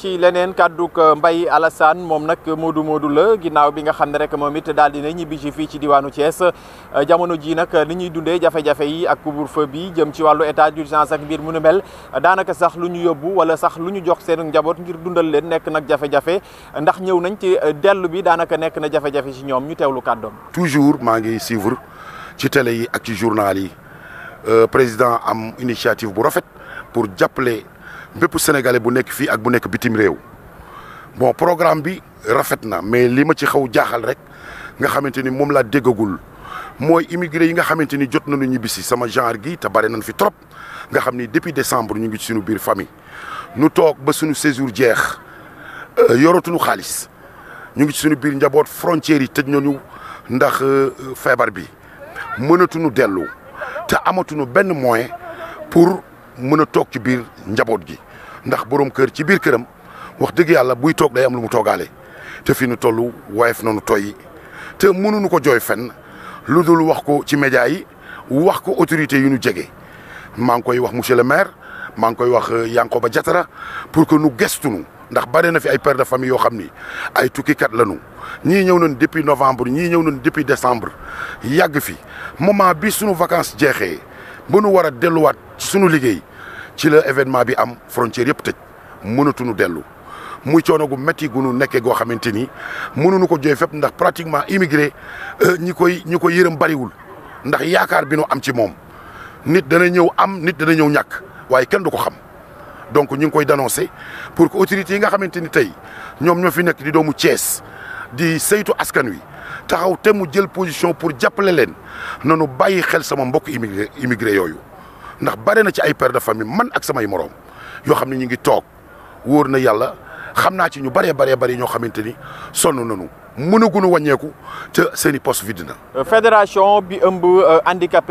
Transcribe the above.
ci leneen kàdduk Mbaye Alassane moom nag moodu moodu la ginnaaw bi nga xam ne rek moom it daal dina ñibbi si fii ci diwaanu Thiès euh, jamono ji nag li ñuy dundee jafe-jafe yi ak couvre-feu bi jëm ci wàllu état d'urgence ak mbir mu daanaka sax lu ñu yóbbu wala sax lu ñu jox seen njaboot ngir dundal leen nekk nag jafe-jafe ndax ñëw nañ ci euh, dellu bi daanaka nekk na jafe-jafe si ñoom ñu teewlu kàddoom toujours maa ngi suivre ci tele yi ak ci journal yi euh, président am initiative bu rafet pour jàppale bépp sénégalais bu nekk fii ak bu nekk bitim réew bon programme bi rafet na mais li ma ci xaw jaaxal rek nga xamante ni moom laa déggagul mooy immigré yi nga xamante ni jot nañu ñibbisi sama genre gi te bare nañ fi trop nga xam ni depuis décembre ñu ngi ci suñu biir famille nu toog ba suñu séjour jeex euh, yoratuñu xaalis ñu ngi ci suñu biir njaboot frontières yi tëj nañu ndax euh, feebar bi mënatuñu dellu te amatuñu benn moyen mën a toog ci biir njaboot gi ndax borom kër ci biir këram wax dëgg yàlla buy toog day am lu mu toogaale te fi nu toll woyof na nu toy te mënuñu ko jooy fenn lu dul wax ko ci média yi wax ko autorité yu nu jege maa ngi koy wax monsieur le maire maa ngi koy wax euh, ba Diatara pour que nu gëstunu ndax bare na fi ay père de famille yoo xam ni ay tukki tukkikat lañu ñii ñëw nañ depuis novembre ñii ñëw nañ depuis décembre yàgg fi moment bi sunu vacances jeexee ba nu war a delluwaat sunu liggéey ci la événement bi am frontière yëpp tëj mënatuñu dellu muy coono gu métti gu nu nekkee goo xamante ni mënuñu ko jooy fépp ndax pratiquement immigré euh, ñi koy ñi koy yërëm bariwul ndax yaakaar bi nu am ci moom nit dana ñëw am nit dana ñëw ñàkk waaye kenn du ko xam donc ñu ngi koy dénoncé pour que autorités yi nga xamante ni tey ñoom ñoo fi nekk di doomu cees di saytu askan wi taxaw te mu jël position pour jàppale leen nanu bàyyi xel sama mbokk immigré immigré yooyu. ndax bare na ci ay père de famille man ak samay moroom yoo xam ne ñu ngi toog woor na yàlla xam naa ci ñu bëree baree bëri ñoo xamante ni sonn nañu mënaguñu wàññeeku te seen i poste vide na. Euh, fédération bi ëmb euh, handicapé